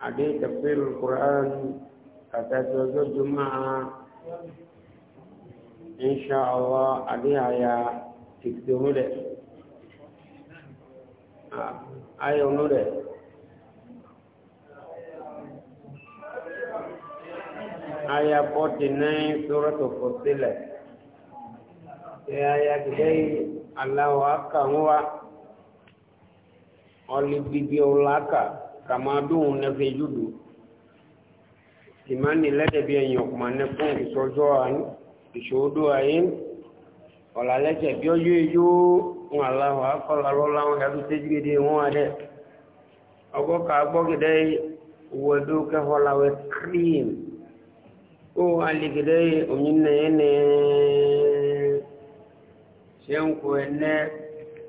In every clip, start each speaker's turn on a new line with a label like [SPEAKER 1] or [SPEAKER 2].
[SPEAKER 1] ada tafsir Al-Quran kata suatu Jumaat insyaallah ada ayat tikdunu deh ayo nu deh ayat 49 surat Al-Fusilah ya ayat kita Allah akan ọlẹ́gbẹ̀gbẹ̀ ọláka kàmá dóhùn nẹ́fẹ̀ yúdù ìmánì lẹ́dẹ̀bí ẹ̀yìn ọ̀pọ̀mọ̀ nẹ́fún ìsọjọ́ ìṣòódó ayé ọ̀làlẹ́sẹ̀ bí ọjọ́ èyó ń aláwọ̀ akọ́lá lọ́la wọn yàtú tẹ́júgede wọn adẹ́ ọgọ́ ká gbọ́gẹ́dẹ́ wọ́dọ́ kẹfọ́láwẹ́ kírìm ó alẹ́gẹ́dẹ́ òyìn nẹ́ẹ̀nẹ́ẹ̀ ṣe ń kọ ẹ̀ nẹ́ẹ̀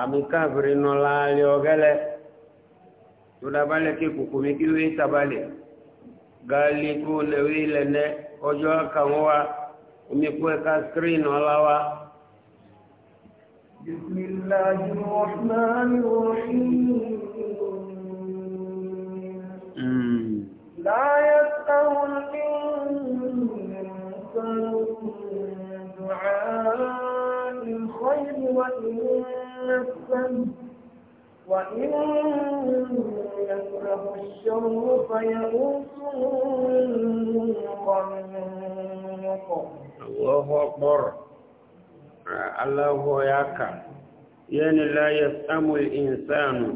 [SPEAKER 1] àmì káàbìrì nọ láàrin ọ̀gẹ́lẹ̀ tó dábálẹ̀ kí kòkò mi kí ló yé tabalẹ̀ kó lẹ́wé lẹ́nẹ́ ọjọ́ kan wá omi kó ẹ̀ka skrin ọlá wa.
[SPEAKER 2] بسم الله الرحمن الرحيم لا يسأل الإنسان دعاء الخير وإن نفسا وإن يكره الشر فيئوس قنوط
[SPEAKER 1] الله أكبر الله يكا يعني لا يسأم الإنسان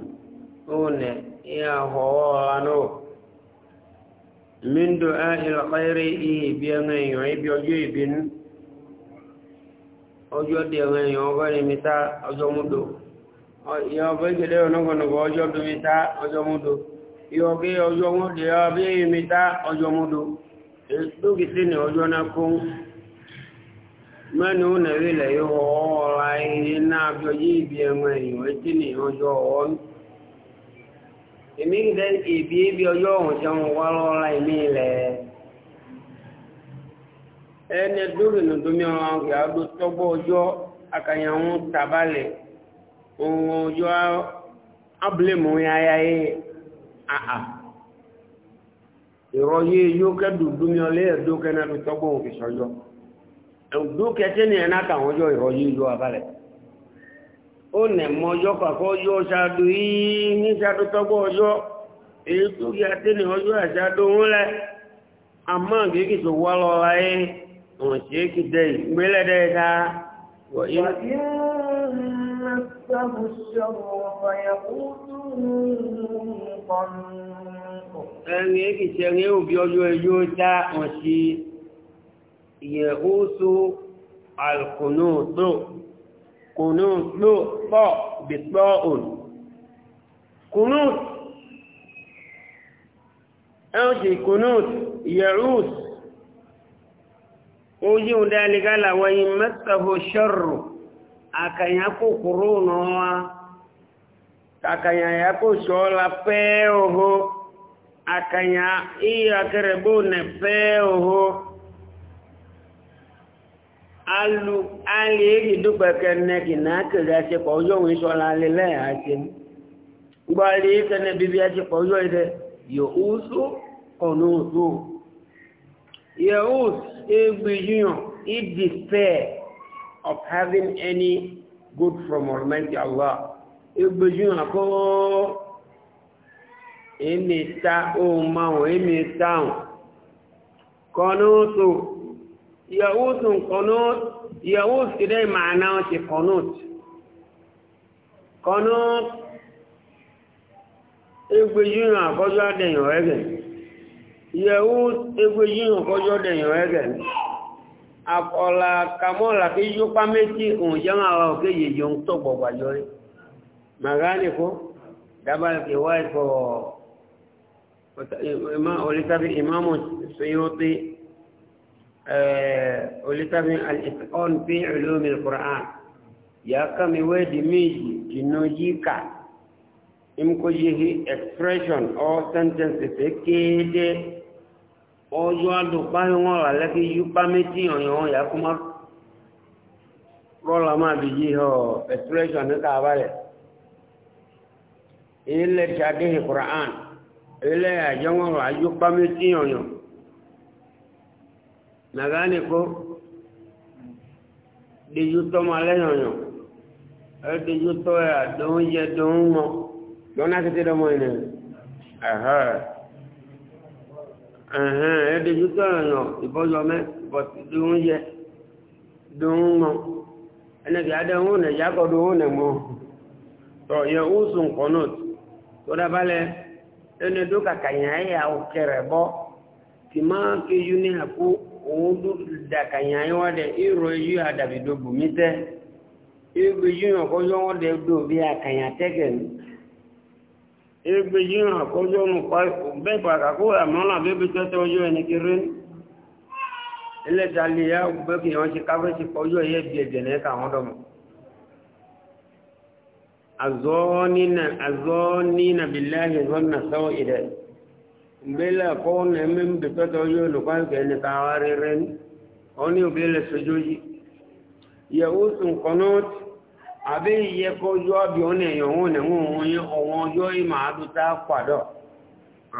[SPEAKER 1] هنا يا هوانو من دعاء الخير إيه بيانا يعيب يجيب ọjọ́ dị ẹ̀wọ̀n èèyàn ọgọ́rin mita ọjọ́ múdò ìyá ọgbẹ́ ìgbẹ̀lẹ́ ọ̀nàgọ̀nàgọ̀ ọjọ́ bí mítà ọjọ́ múdò ìyá ọjọ́ wọn di ọbẹ̀ ọjọ́ múdò ọjọ́ náà kún mẹ́nu yóò ẹni dúró nù domi ọ̀rọ̀ àwọn àdó tọ́gbọ́ ọjọ́ akànyàwó tabalẹ̀ ohun ọjọ́ abúlémù yáyá àà ìrọ̀yé yóò kẹ́dù domi ọlẹ́ tọ́gbọ́ ni ẹ̀nà àtàwọn ọjọ́ ìrọ̀yé yóò abalẹ̀ ó nẹ̀ mọ́ ọjọ́ kọ̀kọ́ ọjọ́ ṣáàdù yìí ní ṣáàdù tọ́gbọ́ ọjọ́ èyí tó وشيك دي بلا ديتا وإن
[SPEAKER 2] مسه الشر فيقول
[SPEAKER 1] ẹni èkì tí ẹni ò bí ọjọ́ ẹjọ́ dá wọn sí yẹ̀húsù alkùnúùtò kùnúùtò pọ̀ bí pọ́ òun kùnúùtò ẹ̀hùn sí kùnúùtò yẹ̀húsù oji udali gala wa in masahu sharru akanya ko kuruno wa akanya yako shola peo ho akanya iya kerebune peo ho alu ali dupe kenne kinake gase kwa ojo wi shola ase gbali kene bibi ase kwa ide yo Yahus Ibijun, it despair of having any good from Almighty Allah. Ibijun ako emi ta ohun mahun emi taun. Kọnútù, Yahusun kọnútù, Yahus kìdẹ́ ìmàna ti kọnútù. Kọnútù, Ibijun àkọ́jọ́ àdẹ̀yàn yẹ̀wó egbe yìí nkọjọ́ dẹ̀yìn ẹ̀gẹ̀ àkọlà kàmọ́là kí yíó pa méjì òun jẹ́ àwọn òkè yèyọ ń tó gbọ̀gbà yọrí màgánìkó dábàlùkì wáyé fọ olítàbí ìmáàmù sèyóté olítàbí alìsíkọ́n fi ìlú mi kùrán yàá kàmi wéèdì méjì jìnnà yíkà imko yehi expression or sentences ekede oyo adupa yon la le ki yupa meti yon ya kuma rola ma bi yi ho expression ka bale ile chade qur'an ile ya yon la yupa meti yon nagani ko de yuto male yon e de yuto ya don ye don mo lọ́nà tètè lọ́mọ ẹ̀nà ẹ̀hẹ́ ẹ̀hẹ́ ẹ̀dẹ̀jú kẹrìnà ìbọ́yọmẹ́ ìbọ̀tìdúnjẹ dùnmọ́ ẹnẹ́gì adẹ́hùn nẹ̀ yàkọ̀dọ̀ òun nẹ̀ mọ́ tọ̀ yẹ oṣù kọ̀nà tó dábálẹ̀ ẹni tó kàkànyà ẹ̀yà òkèrè bọ́ tì máa kéjú ní àkó òun tó dàkànyà ẹ̀wọ́ dẹ̀ ìrò ẹ̀yú àdàbìdògbòmítẹ́ ìrò ẹ̀yú ọ̀kọ́jọ́ wọn dẹ̀ dò bí àkànyà tẹ́gẹ̀ nù egbe yi hàn kọjọ́ nù pa bẹ́ẹ̀ pàtàkó àmọ́nà bébí tẹ́tẹ́ ọjọ́ ẹni kiri ní ẹlẹ́ta lè yá gbẹ́kì wọ́n ṣe káfẹ́ sí kọjọ́ yẹ bí ẹ̀jẹ̀ ní ẹ̀ka àwọn dọ̀mọ̀ azọ́nínà bíláyé zọ́nà sọ́wọ́ ìdẹ̀ ìgbélẹ̀ kọ́ ní ẹ̀mí bí tẹ́tẹ́ ọjọ́ olùkọ́ ẹni káwá rere àbí iye kọjú ọbí ọ̀nà èèyàn òun nẹ̀wọ̀n òun yẹn ọ̀wọ́n ọjọ́ ìmọ̀ àdúta pàdọ̀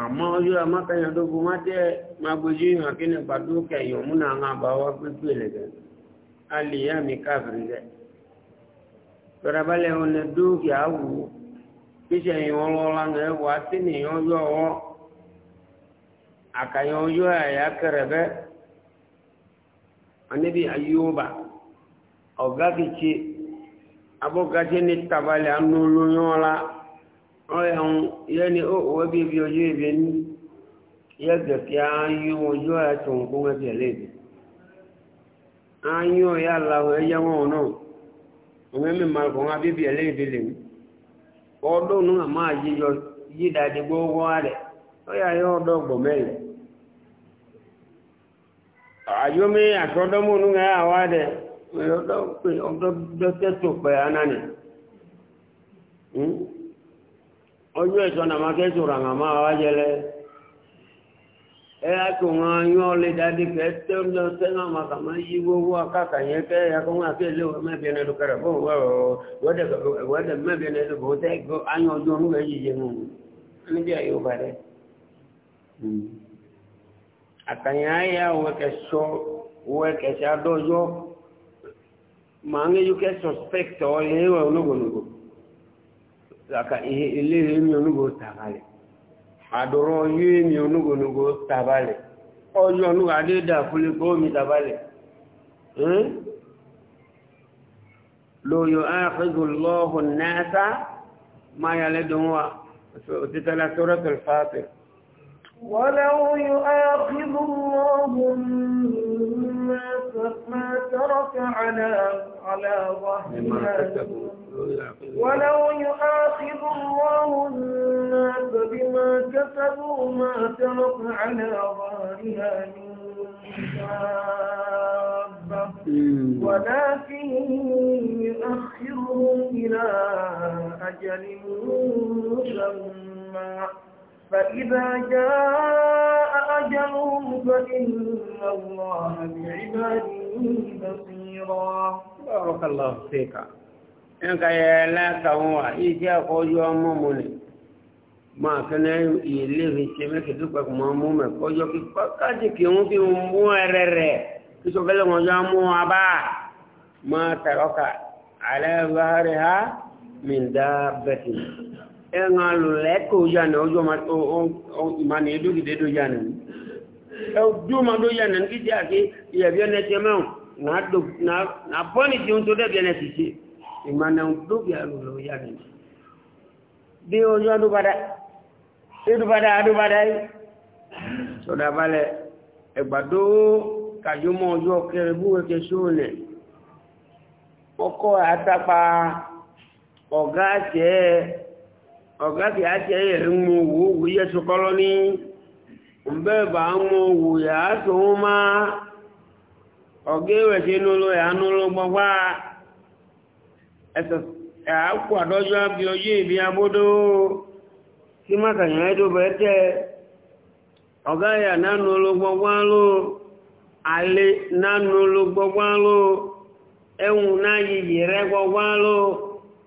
[SPEAKER 1] àmọ́ ọjọ́ amákẹ́yọ̀dógún má jẹ́ magbojú ìhàn kí ní pàdó kẹyọ̀ múnà àwọn àbáwá pípé lẹ̀gẹ̀ alìyá mi káàkiri rẹ̀ tọ́rabalẹ̀ ọ̀nà dúkìá wù abokati ni tabali anulu nyola ọyàn yẹni ó wọ́n bí ibi ojú ibi ní yẹ gẹ̀kẹ́ ayún ojú ẹ̀ tó ń kún ẹ̀bẹ̀ lébi ayún ọ̀yà làwọn ẹ̀yẹ wọn náà òun mi máa kọ́ wọn bíbí ẹ̀ lébi lèmi ọdún náà máa yíyọ yídà dìgbò wọ́n á rẹ̀ ọ̀yà yẹ ọdún ọgbọ̀n mẹ́rin àyọ́mí àtọ́dọ́mọ́nú ẹ̀ àwádẹ́ onye pé ọ̀dọ́ dọ́kẹ́ tó pẹ̀ anáni ọjọ́ ẹ̀sọ́ nà máa kẹ́sọ̀ rà màmá wa jẹlẹ̀ ẹ á tó wọn yọ lé máa kà máa yí gbogbo akáka yẹn kẹ́ ẹ kọ́ máa kẹ́lẹ́ wọn kẹrẹ̀ fún mange yuke suspect o yewa unugo nugo aka ile mi unugo tabale adoro ye eh, mi eh, unugo eh, nugo tabale oyo oh, nu ade da kule ko mi tabale eh lo yu'akhidhu Allahu an-nasa ma yaladun wa titala suratul fatir
[SPEAKER 2] ولو يؤاخذ الله ترك على على ظهرها ولو يؤاخذ الله الناس بما كسبوا ما ترك على ظهرها من دابة ولكن يؤخرهم إلى أجل مسمى فإذا جاء أجلهم فإن الله بعباده بصيرا بارك
[SPEAKER 1] الله فيك إنك يا لك هو إيجا قوجو أمموني ما كان يلي في سمك دوك مامو ما كوجو كي فكاجي كي مو كي مو رر كي سو بلا مو جامو ابا ما تروكا على ظهرها من دابة ẹ̀ràn lẹ́kọ̀ yànà ọjọ́ ìmànà ìdókìdé tó yànà ní ọdúnmà tó yànà ní kíjẹ́ àti ìyẹ̀bí ẹ̀nà ti mẹ́rùn na bọ́ọ̀nì tí ó ń tó dẹ̀bí ẹ̀nà ti ṣe ìmànà ìdókì àrùlọ yànà ní bí ọjọ́ àdúbàdá àdúbàdá sọ̀dà balẹ̀ ẹ̀gbàdó kàjọmọ́ ọjọ́ kẹrẹ bú wẹ́kẹ sóòlẹ̀ ọkọ̀ àtàpà ọ̀gá àṣẹ́ ọ̀gá a ti ẹ̀yẹ̀ rí mú owó owó yẹ́ tó kọ́lọ́ ní mbẹ́bà mú owó yà á tó ń má ọ̀gá ìwẹ̀ tí inú ló yà á nú ló gbọ́gbá ẹ̀sọ̀ àákù àdọ́jọ́ bí ọjọ́ ìbí abódó kí má kàyàn tó tẹ́ ọ̀gá yà nánú ló gbọ́gbá ló alẹ́ nánú ló gbọ́gbá ló náà yìí rẹ́ gbọ́gbá ló.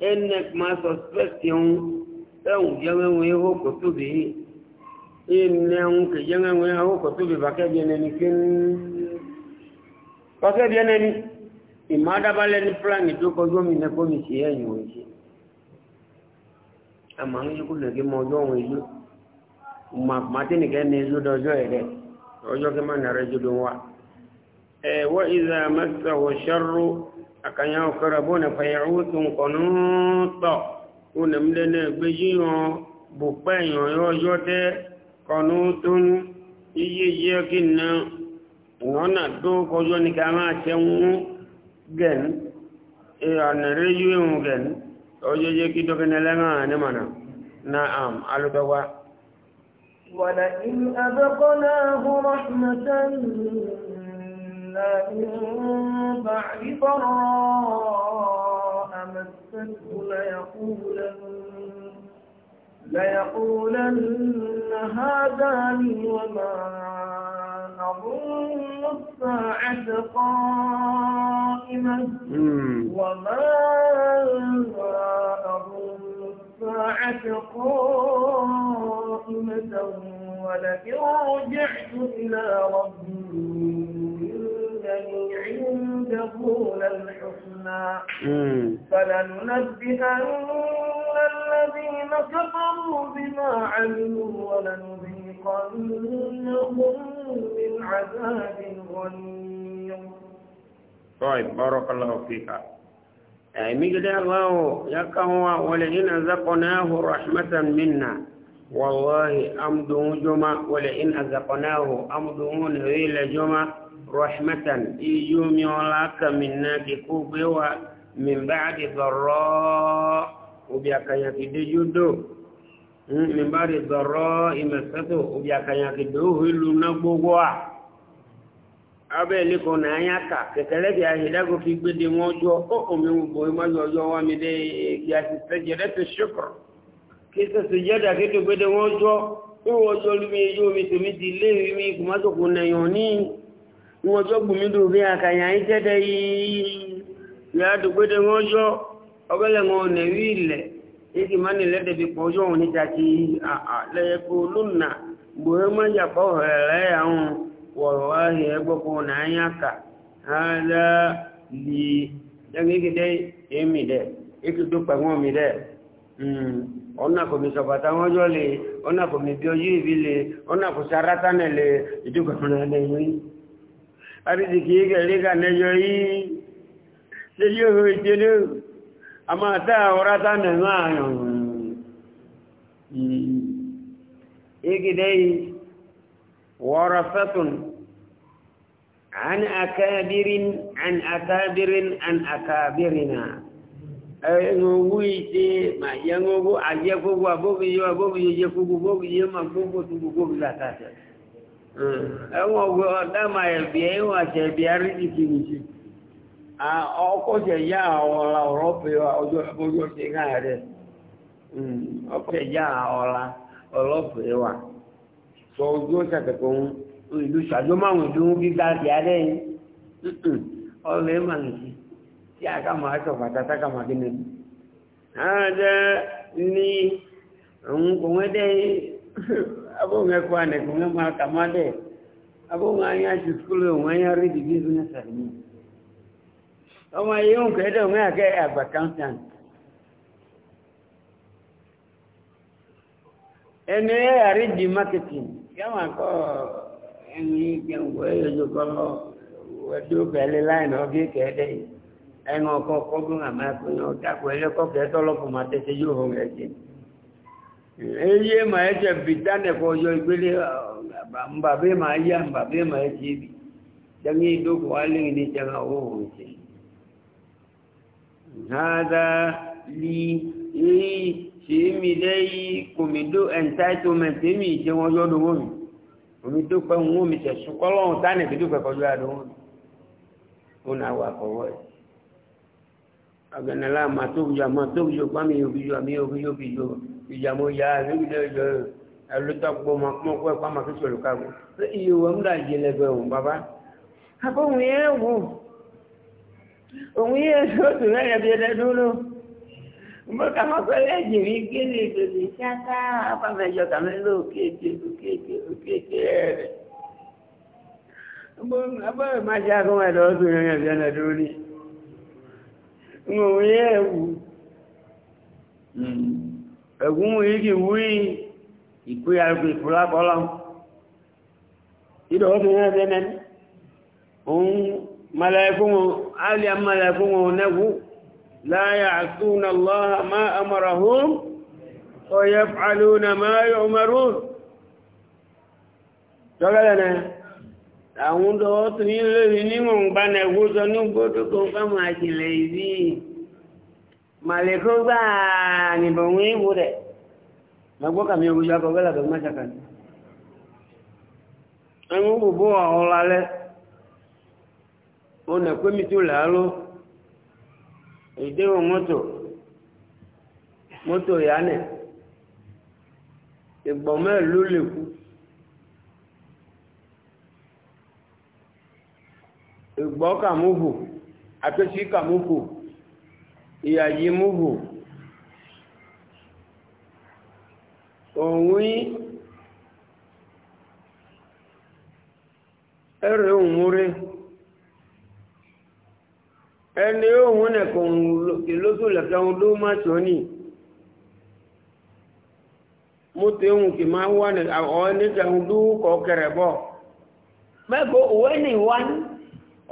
[SPEAKER 1] ẹnẹ ma
[SPEAKER 2] suspect
[SPEAKER 1] yẹn ẹwù jẹmẹwìn ẹwọ kòtò bí ẹnẹ ń kè jẹmẹwìn ẹwọ kòtò bí bàkẹ́bí ẹnẹni kín bàkẹ́bí ẹnẹni ìmọ̀dábálẹ̀ ní plan tó kọjú mi nẹ kómi sí ẹ̀yìn òun sí àmà ń yíkú lè mọ ọjọ́ òun ìlú màtínìkẹ́ ní ìlú dọjọ́ ẹ̀rẹ́ ọjọ́ kí má nàrẹ́ jọdún wa. وإذا مسه الشر أكنيا كربون فيعوث قنوط ونملنا بجيو بقبان يوجوت قنوط يجيكن نونا دو كوجوني كما تشمو جن إيران ريجيو جن أوجيكي دوكن لنا نمنا نعم على دوا
[SPEAKER 2] ولئن أذقناه رحمة إلا من بعد ضراء مسته ليقولن ليقولن هذا لي وما أظن الساعة قائمة وما أظن الساعة قائمة ولئن رجعت إلى ربي يبتغون الحسنى فلننبهن الذين كفروا بما عملوا ولنذيقنهم من عذاب غني
[SPEAKER 1] طيب بارك الله فيك أي آه، مجد الله يكهوى ولئن أزقناه رحمة منا والله أمدون جمع ولئن أزقناه أمدون ويل جمع rahmatan iyumi olaka minna kikubewa min ba'di dharra ubiakanya kidejudo hmm, min ba'di dharra imasatu ubiakanya kiduhu luna gbogboa abe liko na anyaka kekele bi ahidago kigbede mojo o omi gbogbo imajo ojo wa mi de ki asisejere to shukr kisa sujada kitu gbede mojo iwo ojo lumi ejo mi tèmi ti lé mi kùmátòkùn nẹyàn ní wọn tó gbùmí dùn bí àkàyà yìí tẹ́tẹ́ yìí yàtò pété wọn sọ ọgọlẹ wọn nẹwí ilẹ èkì má nílẹ tẹbi pọ sọ wọn níta ti àà lẹyẹpọ lónà gbòòrò má yàpọ ọhẹrẹ àwọn wọrọ ahẹ ẹgbọkọ n'anya kà hàdà lì yàgbé èkì dẹ èmi dẹ èkì tó pẹ hmm, ọ̀nà kò mi sọ̀bàtà wọn jọ lè ọ̀nà kò mi bí ọjọ́ ìbí lè ọ̀nà kò sáratánẹ̀ lè ìdúgbò náà lè àríjìkì gẹ̀rẹ́ gà nẹjọ yìí ṣe yóò hù ìjẹlú a máa tá ọ̀rá tánà máa yàn ìgidẹ́ wọ́rọ̀ fẹ́tùn an akabirin an akabirin an akabirina ẹ̀yẹ̀ngogbo ìṣe ma yẹ̀ngogbo àjẹ́gbogbo àgbógbìyẹ àgbógbìyẹ jẹ́gbogbo gbogbo yẹ ma gbogbo tó gbogbo látàtẹ̀ ẹ̀wọ̀n ọgbẹ́ ọ̀dáma ẹ̀bí ẹ̀wọ̀n àti ẹ̀bí àríjìkì nìṣẹ́ ọkọ̀ṣẹ̀ yá ọ̀la ọ̀rọ̀ pé ọjọ́ ṣe náà rẹ̀ hmm, ọkọ̀ṣẹ̀ yá ọ̀la ọ̀rọ̀ pé wà sọ ojú ṣàtẹ̀kọ̀ ìlú ṣàjọ́ máwọn ìlú gíga ti yìí mà tí a òun kò abo nge kwa ne kunge ma kamade abo nga nya chi skulu nga nya ri di bizu na sani ama yun ke do nga ke accountant ene ari di marketing kama ko eni ke wo yo ko wo do ke le line o ke ke de en o ko ko nga ma ko yo ta ko le ko ke to lo ko ma te se yo ho nge eye ma eche bitane kwa ojo igbele mbabe ma e ya mbabe ma eche ibi jangi doko wale ni changa oo nche hada li ee se mi dei komido entitlement emi je won yo do won komido pa won mi se sukolo tane bidu pe kojo ado won ona wa kowo e. aganala ma to jo ma to jo pa mi obi jo mi obi jo bi jo ìjàmọ̀ ya nígbìdẹ̀ ìjọ ẹlútọ́gbọ́ mọ́kọ́ ẹ̀kọ́ àmà fíṣọ̀ lùkàgbọ́ iye wọ́n ń dà jẹlẹ̀ bẹ̀ òun bàbá
[SPEAKER 2] akóhun yẹn wù òun
[SPEAKER 1] yẹn sóòtù lẹ́yìn ẹbí ẹdẹ dúró mọ́ta mọ́kọ́lẹ́ jèrí gélé tòbí ṣáká afáfẹ́jọ kàmílò kéèké kéèké kéèké rẹ̀ abọ́rẹ̀ máa ṣe akọ́wọ́ ẹ̀dọ́ ọdún lẹ́yìn ẹbí ẹdẹ dúró ní òun yẹn wù ẹ̀gún ìrì wí ìpé àrùkù ìfúlápọ́lá ìdọ̀ ọ́tún yẹn tẹ́lẹ̀ òun malẹ̀kún alìyà malẹ̀kún onẹ́gún láyà àtúnà lọ́ha má àmàrà hún ọ̀yẹ́ fàlúnà má yóò mẹ́rún tọ́gẹ́lẹ̀ àwọn ọdún yìí lórí níwọ̀n gbanẹ̀gún sọ ní gbódùkún fáwọn àjìnlẹ̀ yìí maleko gbaa ni bò ń wíwú dẹ gbogbo kàmi ogun yọ akọgbẹ làbẹ má jàkà ní ẹnu gbogbo ọ̀hún lálẹ́ ó nà pé mọ́tò mọ́tò yánẹ̀ ìgbọ̀mọ́ ẹ̀ ìyàyímúhù òun ẹ̀rẹ̀ òmúrí ẹni òun nẹ̀kọ̀ ìlótò lẹ̀kẹ̀hún ló má tó ní mú tí òun kì máa wà ní àwọn ẹnìkẹ̀hún ló kọ̀ kẹrẹ̀ bọ̀ mẹ́kọ̀ọ́ òwe nìwọ́n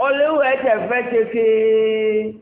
[SPEAKER 1] ọlẹ́wọ̀ ẹ̀tẹ̀fẹ́ kékeré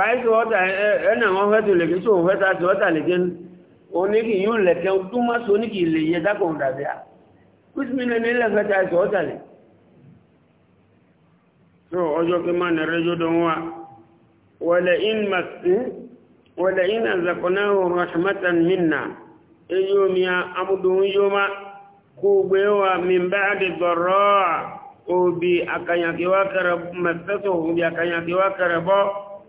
[SPEAKER 1] pàíṣù ọ́tà ẹ̀nà wọn fẹ́ tó lè kí tó fẹ́ ta sí ọ́tà lè jẹun oníkì yóò lẹ̀kẹ́ túnmọ́ sí oníkì lè yẹ dákùn dàbí à kùsùmí lè ní lẹ́fẹ́ ta sí ọ́tà lè tó ọjọ́ kí máa nà rẹjọ́ dán wá wọlé in màsí wọlé in àzàkọ́nà rahmatan minna èyí omi amúdùn yóò má wa min bá di dọ̀rọ̀ òbí akànyàkíwá kẹrẹ mẹ́tẹ́tò òbí akànyàkíwá kẹrẹ bọ́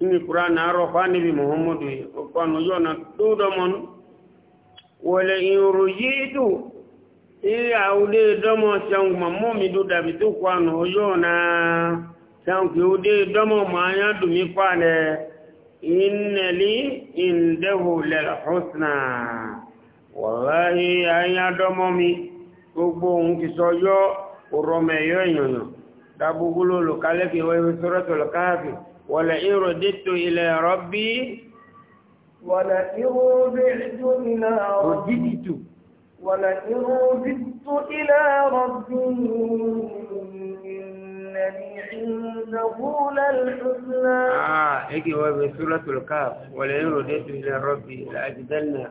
[SPEAKER 1] ni Qur'an aro fani bi Muhammad ko no na do do mon wala yurujitu iya ude domo changu mamomi duda bitu kwa no yona changu ude domo manya dumi pale inna li indahu lil husna wallahi aya domo mi gbogbo un ki soyo orome yo eyan dabugulo lo kale ki we suratul kahfi ولئن رددت إلى ربي
[SPEAKER 2] ولئن رجعت إلى رددت ولئن رددت إلى ربي إن لي عنده للحسنى
[SPEAKER 1] آه هيك إجي سورة الكهف ولئن رددت إلى ربي لأجدلنا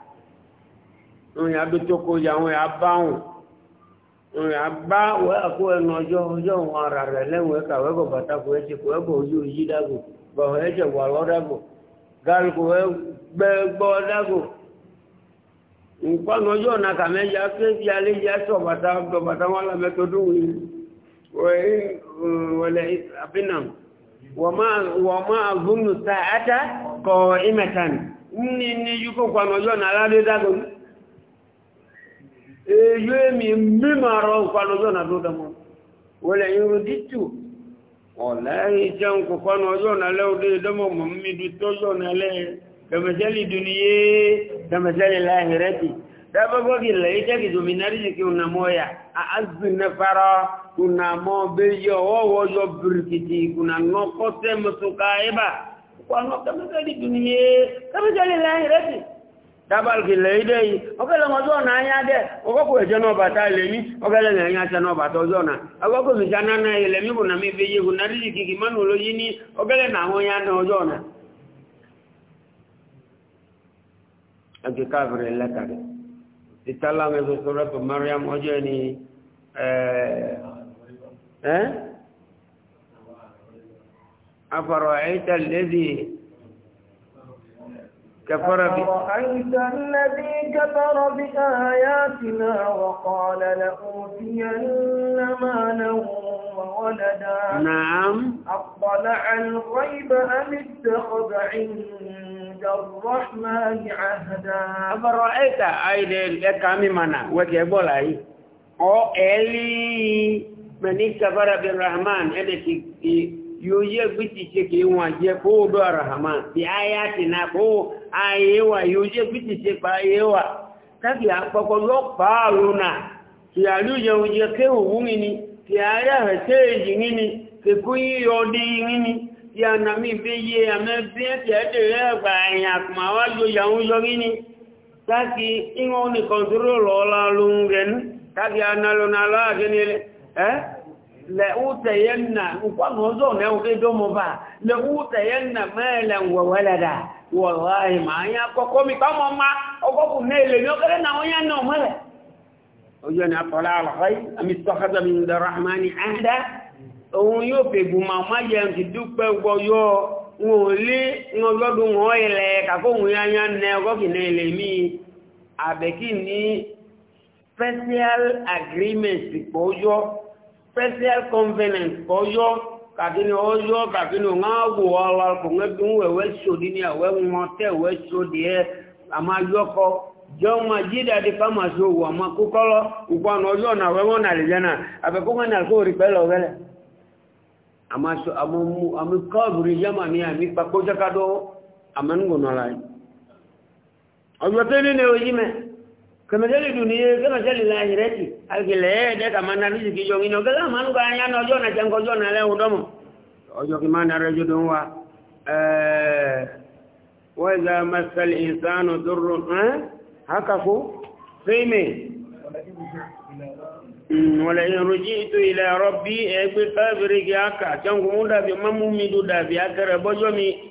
[SPEAKER 1] òun a dójókòó yà òun yà bá bá wẹ́ àkó ẹnu ọjọ́ ọjọ́ òun ara rẹ̀ lẹ́wọ̀n ẹ̀ka wẹ́kọ̀ bàtà kò ẹ̀ṣẹ̀ kò ẹ̀kọ̀ ojú yí dàgò bàwọ̀ ẹ̀ṣẹ̀ wà lọ́ dàgò kò ẹgbẹ́ gbọ́ dàgò. nǹkan ọjọ́ ọ̀nà alẹ́ sọ èyí èmì mímọ̀rọ̀ ìpàlójọ́ ọ̀nà tó dẹmọ́ wọlé irú dìtù ọ̀lẹ́yìn jẹun kọ̀kọ́ ní ọ̀nà lẹ́ọdẹ dẹmọ́ mọ̀mídú tọ́jọ́ ọ̀nà lẹ́yìn dẹmẹ̀sẹ́lì dúníyé dẹmẹ̀sẹ́lì láhìrẹ́tì dabbobi laitaki dominariji dábàlùkì lẹ́yìdẹ́ yìí ọgọ́lọ́mọ ọjọ́ ọ̀nà ayá dẹ́ ọgọ́kù ẹ̀jẹ́ náà bàtà lèmi ọgọ́lẹ́lẹ̀ ẹ̀yà tẹ́ náà bàtà ọjọ́ ọ̀nà ọgọ́kù mi jáná náà ilẹ̀ mímú nà mí fi yéhu nà ríjì kìkì mánú ló yí ní ọgọ́lẹ̀ nà àwọn كفر بي
[SPEAKER 2] أرأيت الذي كفر بآياتنا وقال لأوتين مالا وولدا نعم أطلع الغيب أم اتخذ عند الرحمن عهدا
[SPEAKER 1] أفرأيت أيدي أكامي منا وجبول أي
[SPEAKER 2] أو إلي
[SPEAKER 1] من كفر بالرحمن إلي yoye gbiti cheke wa je ko do rahman bi ayati na ko ayewa yoye gbiti che pa ayewa kaki apoko lo pa luna ti aluje uje ke owu ni ti ara heteji ke ti anami beye amebe ti adere gba yan kuma wa yo ya un yo ngini kaki ingo ni control ola lungen na لأوتين وقال نوزون يوكي دومو با لأوتين مالا وولدا والله ما يقومي كما ما أقوم ميلا يوكرنا ويانا ومالا وجن أطلع الخير أم اتخذ من الرحمن عهدا òun yóò fègbù màmá jẹun ti dúpẹ́ gbọ́yọ́ wọn ò lé wọn lọ́dún wọn ilẹ̀ kàkóhùn yányá nẹ ọgọ́kìnà ilẹ̀ mi àbẹ̀kì ní special agreement pọ̀jọ́ special convenience kọjọ́ kàkínní ọjọ́ kàkínní ọ̀gáwò ọ̀la kòǹgẹ́dùn ẹ̀wẹ́ sòdí ní ẹ̀wẹ́ wọn tẹ́ ẹ̀wẹ́ sòdí ẹ̀ àmà yọkọ jọ́mà jídàdí fámàṣí owó àmà kókọ́lọ́ ìgbọ́n ọjọ́ ọ̀nà wẹ́wọ́n nà lè jẹ́nà àbẹ̀kọ́kọ́ nà kó rí pẹ́lọ wẹ́lẹ̀ àmì kọ́ọ̀bùrì yẹ́mà ní àmì pàpọ̀ jẹ́kádọ́ àmẹ́nugùn ọ̀la ọjọ́ tẹ́lẹ̀ ní ojímẹ́ kemejeli dunie kemejeli la hireti akile de kama na nisi kijo ngino kala manu ga yana ojo na jango jo na le udomo ojo kimana rejo dunwa eh wa iza masal insanu durru eh
[SPEAKER 2] hakafu
[SPEAKER 1] sime
[SPEAKER 2] mm, wala in rujitu
[SPEAKER 1] ila rabbi e bi fabriki aka jango muda bi mamu mi duda bi akara bojo mi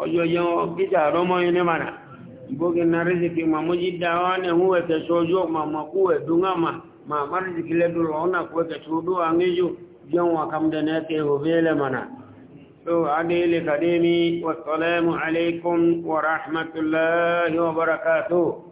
[SPEAKER 1] ojo yo kita romo yene mana iboge na riziki mamuji dawane huwe keshojo mama kuwe dungama ma marziki ledu lona kuwe keshudu angiju jan wakamdana ke hubele mana so adele kademi wassalamu alaikum wa rahmatullahi wa barakatuh